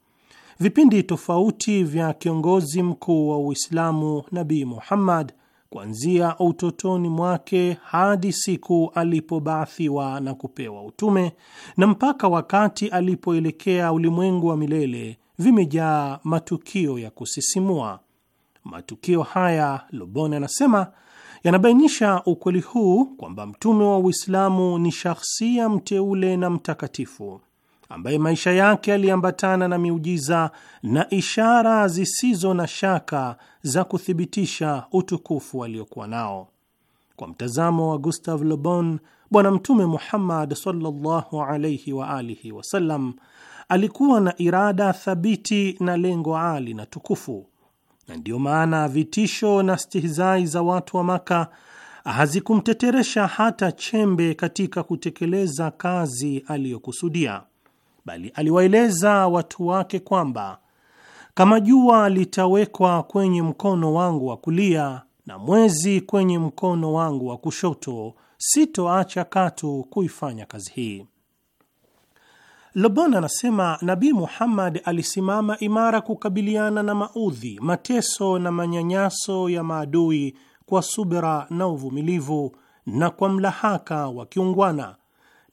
vipindi tofauti vya kiongozi mkuu wa Uislamu Nabii Muhammad kuanzia utotoni mwake hadi siku alipobaathiwa na kupewa utume na mpaka wakati alipoelekea ulimwengu wa milele vimejaa matukio ya kusisimua. Matukio haya, Lobon anasema, yanabainisha ukweli huu kwamba mtume wa Uislamu ni shahsia mteule na mtakatifu ambaye maisha yake yaliambatana na miujiza na ishara zisizo na shaka za kuthibitisha utukufu aliokuwa nao. Kwa mtazamo wa Gustave Le Bon, Bwana Mtume Muhammad sallallahu alayhi wa alihi wasallam alikuwa na irada thabiti na lengo ali na tukufu na ndiyo maana vitisho na stihizai za watu wa Maka hazikumteteresha hata chembe katika kutekeleza kazi aliyokusudia, bali aliwaeleza watu wake kwamba kama jua litawekwa kwenye mkono wangu wa kulia na mwezi kwenye mkono wangu wa kushoto, sitoacha katu kuifanya kazi hii. Lobon anasema Nabii Muhammad alisimama imara kukabiliana na maudhi, mateso na manyanyaso ya maadui kwa subira na uvumilivu na kwa mlahaka wa kiungwana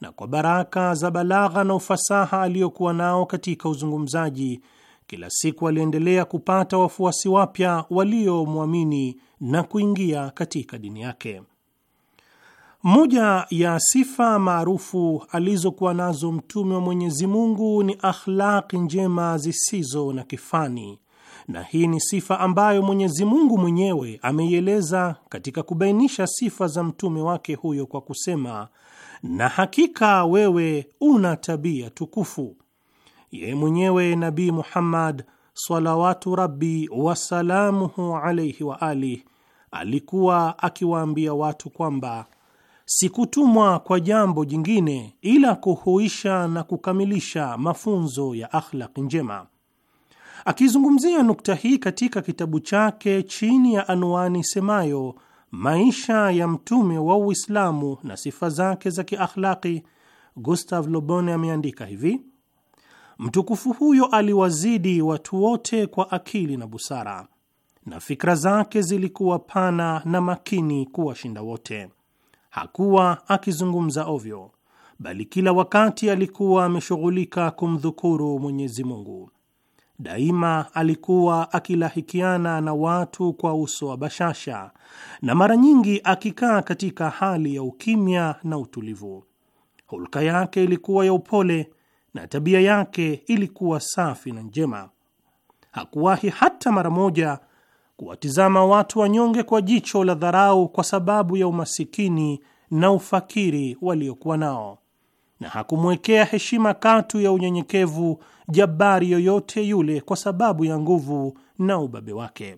na kwa baraka za balagha na ufasaha aliyokuwa nao katika uzungumzaji, kila siku aliendelea kupata wafuasi wapya waliomwamini na kuingia katika dini yake. Moja ya sifa maarufu alizokuwa nazo mtume wa Mwenyezi Mungu ni akhlaqi njema zisizo na kifani, na hii ni sifa ambayo Mwenyezi Mungu mwenyewe ameieleza katika kubainisha sifa za mtume wake huyo kwa kusema, na hakika wewe una tabia tukufu. Yeye mwenyewe Nabii Muhammad salawatu rabi wasalamuhu alaihi wa alih alikuwa akiwaambia watu kwamba sikutumwa kwa jambo jingine ila kuhuisha na kukamilisha mafunzo ya akhlaki njema. Akizungumzia nukta hii katika kitabu chake chini ya anwani semayo maisha ya mtume wa Uislamu na sifa zake za kiakhlaki, Gustav Lobone ameandika hivi: mtukufu huyo aliwazidi watu wote kwa akili na busara, na fikra zake zilikuwa pana na makini kuwashinda wote hakuwa akizungumza ovyo, bali kila wakati alikuwa ameshughulika kumdhukuru Mwenyezi Mungu. Daima alikuwa akilahikiana na watu kwa uso wa bashasha na mara nyingi akikaa katika hali ya ukimya na utulivu. Hulka yake ilikuwa ya upole na tabia yake ilikuwa safi na njema. Hakuwahi hata mara moja kuwatizama watu wanyonge kwa jicho la dharau kwa sababu ya umasikini na ufakiri waliokuwa nao, na hakumwekea heshima katu ya unyenyekevu jabari yoyote yule kwa sababu ya nguvu na ubabe wake.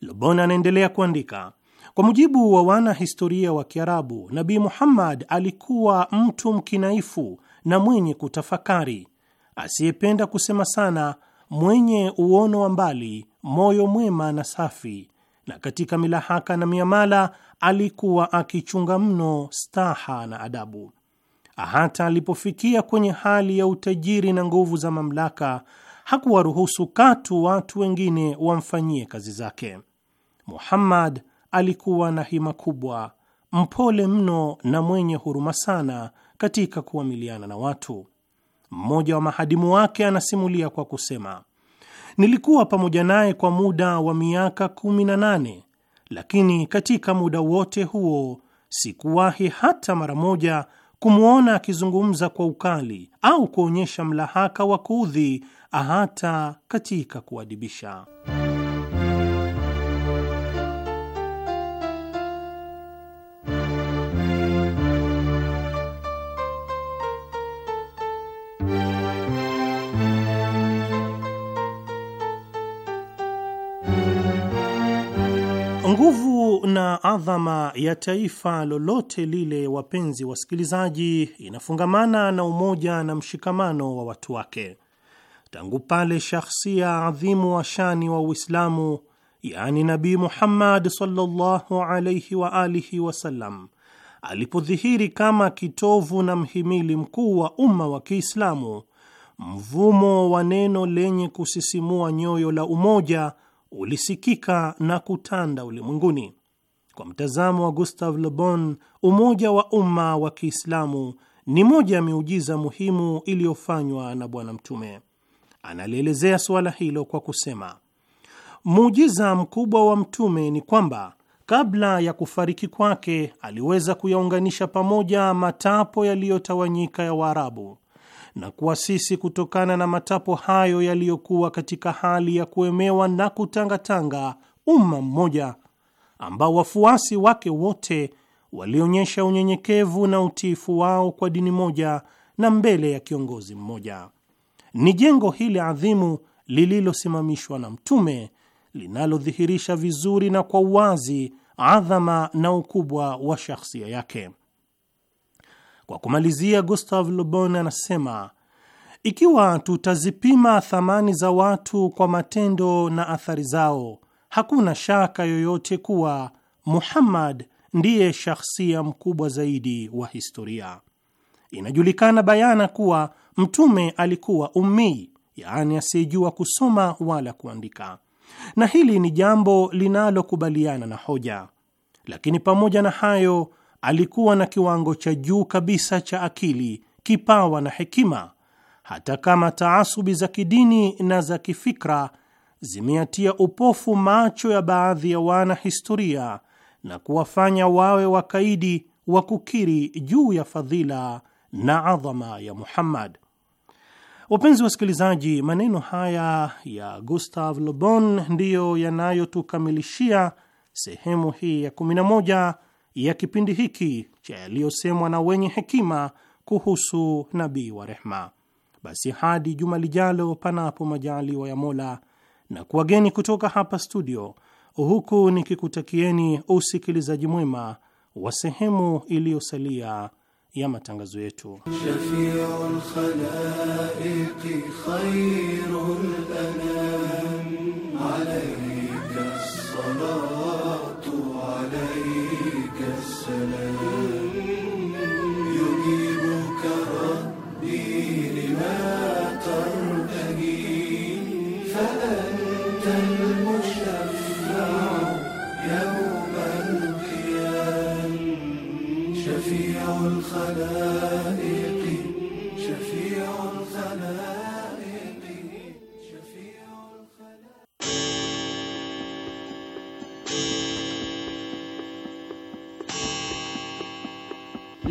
Lobon anaendelea kuandika, kwa mujibu wa wana historia wa Kiarabu, Nabii Muhammad alikuwa mtu mkinaifu na mwenye kutafakari, asiyependa kusema sana mwenye uono wa mbali, moyo mwema na safi, na katika milahaka na miamala alikuwa akichunga mno staha na adabu. Hata alipofikia kwenye hali ya utajiri na nguvu za mamlaka, hakuwaruhusu katu watu wengine wamfanyie kazi zake. Muhammad alikuwa na hima kubwa, mpole mno na mwenye huruma sana katika kuamiliana na watu. Mmoja wa mahadimu wake anasimulia kwa kusema, nilikuwa pamoja naye kwa muda wa miaka kumi na nane, lakini katika muda wote huo sikuwahi hata mara moja kumwona akizungumza kwa ukali au kuonyesha mlahaka wa kuudhi hata katika kuadibisha. adhama ya taifa lolote lile, wapenzi wasikilizaji, inafungamana na umoja na mshikamano wa watu wake. Tangu pale shakhsia adhimu wa shani wa Uislamu, yani nabi Muhammad sallallahu wa alihi wasallam alipodhihiri kama kitovu na mhimili mkuu wa umma wa Kiislamu, mvumo wa neno lenye kusisimua nyoyo la umoja ulisikika na kutanda ulimwenguni. Kwa mtazamo wa Gustave Le Bon, umoja wa umma wa Kiislamu ni moja ya miujiza muhimu iliyofanywa na Bwana Mtume. Analielezea suala hilo kwa kusema, muujiza mkubwa wa Mtume ni kwamba kabla ya kufariki kwake aliweza kuyaunganisha pamoja matapo yaliyotawanyika ya Waarabu na kuasisi kutokana na matapo hayo yaliyokuwa katika hali ya kuemewa na kutangatanga umma mmoja ambao wafuasi wake wote walionyesha unyenyekevu na utiifu wao kwa dini moja na mbele ya kiongozi mmoja. Ni jengo hili adhimu lililosimamishwa na Mtume linalodhihirisha vizuri na kwa uwazi adhama na ukubwa wa shahsia yake. Kwa kumalizia, Gustave Le Bon anasema ikiwa tutazipima thamani za watu kwa matendo na athari zao hakuna shaka yoyote kuwa Muhammad ndiye shahsia mkubwa zaidi wa historia. Inajulikana bayana kuwa mtume alikuwa ummi, yaani asiyejua kusoma wala kuandika, na hili ni jambo linalokubaliana na hoja. Lakini pamoja na hayo, alikuwa na kiwango cha juu kabisa cha akili, kipawa na hekima, hata kama taasubi za kidini na za kifikra zimeatia upofu macho ya baadhi ya wana historia na kuwafanya wawe wakaidi wa kukiri juu ya fadhila na adhama ya Muhammad. Wapenzi wasikilizaji, maneno haya ya Gustave Le Bon ndiyo yanayotukamilishia sehemu hii ya 11 ya kipindi hiki cha yaliyosemwa na wenye hekima kuhusu nabii wa rehma. Basi hadi juma lijalo, panapo majaliwa ya Mola na kuwageni kutoka hapa studio, huku nikikutakieni usikilizaji mwema wa sehemu iliyosalia ya matangazo yetu.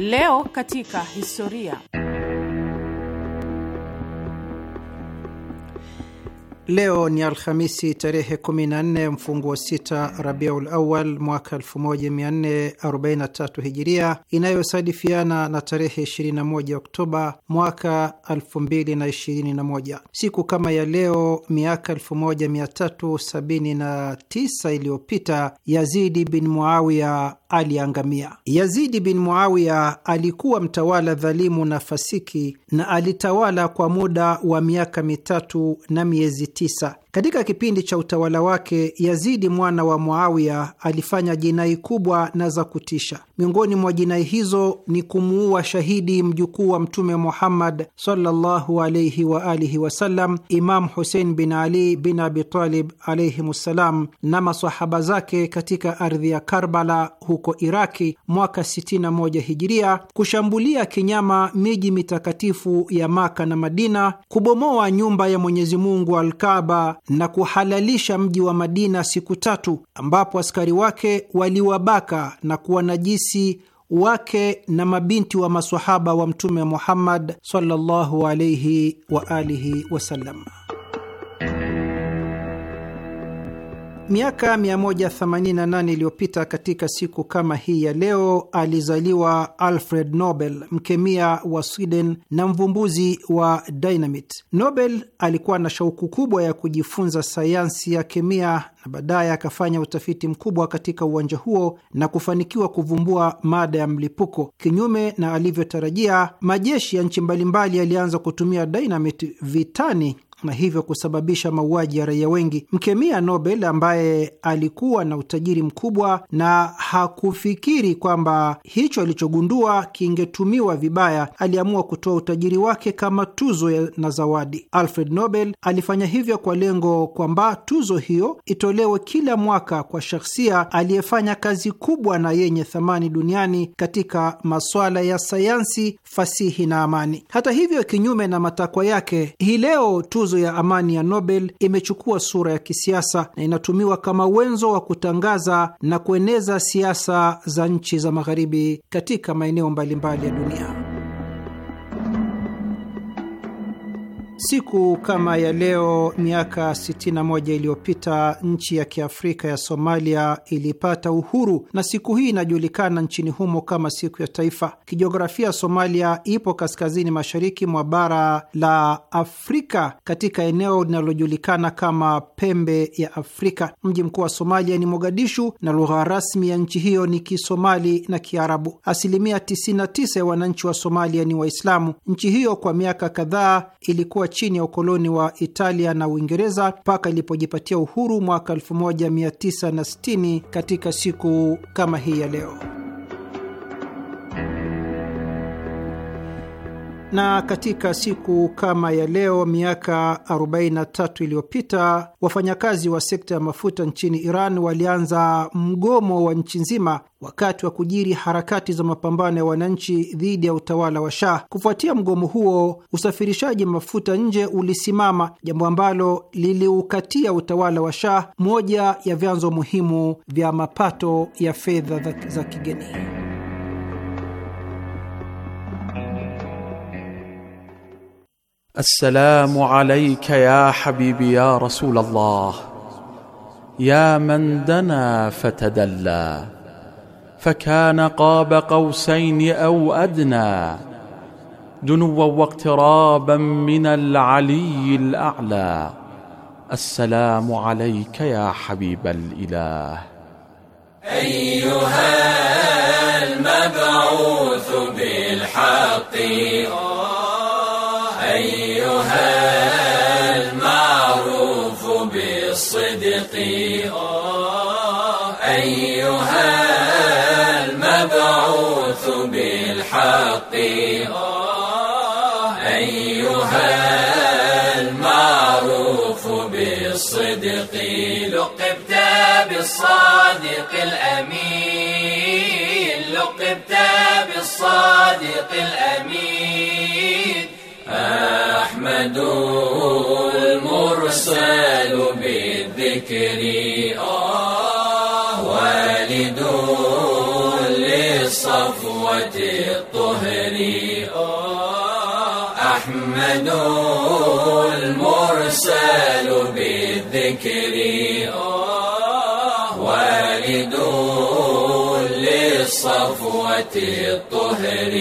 Leo katika historia. Leo ni Alhamisi tarehe 14 wa sita Rabiul Awal mwaka 1443 Hijiria, inayosadifiana na tarehe 21 Oktoba mwaka 2021. Siku kama ya leo miaka 1379 iliyopita Yazidi bin Muawiya aliangamia. Yazidi bin Muawiya alikuwa mtawala dhalimu na fasiki, na alitawala kwa muda wa miaka mitatu na miezi tisa katika kipindi cha utawala wake, Yazidi mwana wa Muawiya alifanya jinai kubwa na za kutisha. Miongoni mwa jinai hizo ni kumuua shahidi mjukuu wa Mtume Muhammad sallallahu alaihi wa alihi wasallam, Husein bin Ali bin Abitalib alaihim ssalam, na masahaba zake katika ardhi ya Karbala huko Iraki mwaka 61 Hijiria, kushambulia kinyama miji mitakatifu ya Maka na Madina, kubomoa nyumba ya Mwenyezi Mungu Alkaba na kuhalalisha mji wa Madina siku tatu, ambapo askari wake waliwabaka na kuwanajisi wake na mabinti wa masahaba wa Mtume Muhammad sallallahu alaihi wa alihi wasallam. Miaka 188 iliyopita katika siku kama hii ya leo alizaliwa Alfred Nobel, mkemia wa Sweden na mvumbuzi wa dynamite. Nobel alikuwa na shauku kubwa ya kujifunza sayansi ya kemia na baadaye akafanya utafiti mkubwa katika uwanja huo na kufanikiwa kuvumbua mada ya mlipuko. Kinyume na alivyotarajia, majeshi ya nchi mbalimbali yalianza kutumia dynamite vitani na hivyo kusababisha mauaji ya raia wengi. Mkemia Nobel ambaye alikuwa na utajiri mkubwa na hakufikiri kwamba hicho alichogundua kingetumiwa vibaya, aliamua kutoa utajiri wake kama tuzo na zawadi. Alfred Nobel alifanya hivyo kwa lengo kwamba tuzo hiyo itolewe kila mwaka kwa shahsia aliyefanya kazi kubwa na yenye thamani duniani katika maswala ya sayansi, fasihi na amani. Hata hivyo, kinyume na matakwa yake, hii leo tuzo tuzo ya amani ya Nobel imechukua sura ya kisiasa na inatumiwa kama wenzo wa kutangaza na kueneza siasa za nchi za magharibi katika maeneo mbalimbali ya dunia. Siku kama ya leo miaka 61 iliyopita nchi ya kiafrika ya Somalia ilipata uhuru na siku hii inajulikana nchini humo kama siku ya taifa. Kijiografia, Somalia ipo kaskazini mashariki mwa bara la Afrika katika eneo linalojulikana kama pembe ya Afrika. Mji mkuu wa Somalia ni Mogadishu na lugha rasmi ya nchi hiyo ni Kisomali na Kiarabu. Asilimia 99 ya wananchi wa Somalia ni Waislamu. Nchi hiyo kwa miaka kadhaa ilikuwa chini ya ukoloni wa Italia na Uingereza mpaka ilipojipatia uhuru mwaka 1960 katika siku kama hii ya leo. na katika siku kama ya leo miaka 43 iliyopita wafanyakazi wa sekta ya mafuta nchini Iran walianza mgomo wa nchi nzima wakati wa kujiri harakati za mapambano ya wananchi dhidi ya utawala wa Shah. Kufuatia mgomo huo, usafirishaji mafuta nje ulisimama, jambo ambalo liliukatia utawala wa Shah moja ya vyanzo muhimu vya mapato ya fedha za kigeni. السلام عليك يا حبيبي يا رسول الله يا من دنا فتدلى فكان قاب قوسين او ادنى دنوا واقترابا من العلي الاعلى السلام عليك يا حبيب الاله ايها المبعوث بالحق آه، أيها المعروف بالصدق لقبت بالصادق الأمين لقبت بالصادق الأمين أحمد المرسل بالذكر آه، والد للصفوة الثاني أحمد المرسل بالذكر والد للصفوة الطهر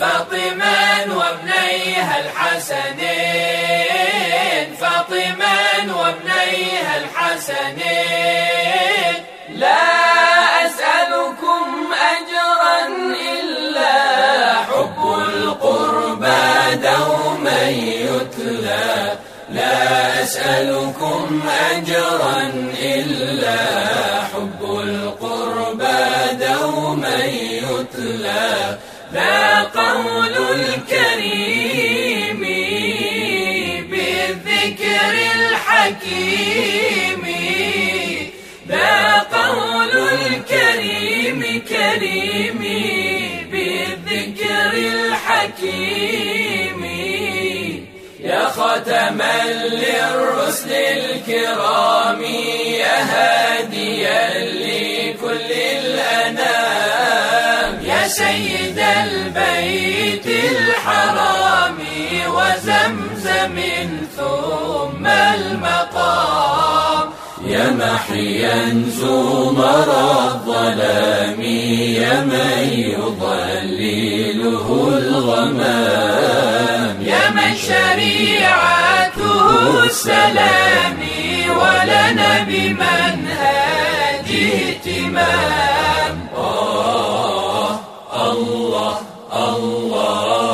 فاطما وابنيها الحسنين فاطما وابنيها الحسنين لا أسألكم أجرا إلا القربى دوما يتلى لا أسألكم أجرا إلا حب القربى دوما يتلى لا قول الكريم بالذكر الحكيم لا قول الكريم كريم بالذكر الحكيم الحكيمي يا ختما للرسل الكرام يا هاديا لكل الأنام يا سيد البيت الحرام وزمزم ثم المقام محيا زمر الظلام يا من يضلله الغمام يا من شريعته السلام ولنا بمنهاجه اهتمام آه، آه، الله الله الله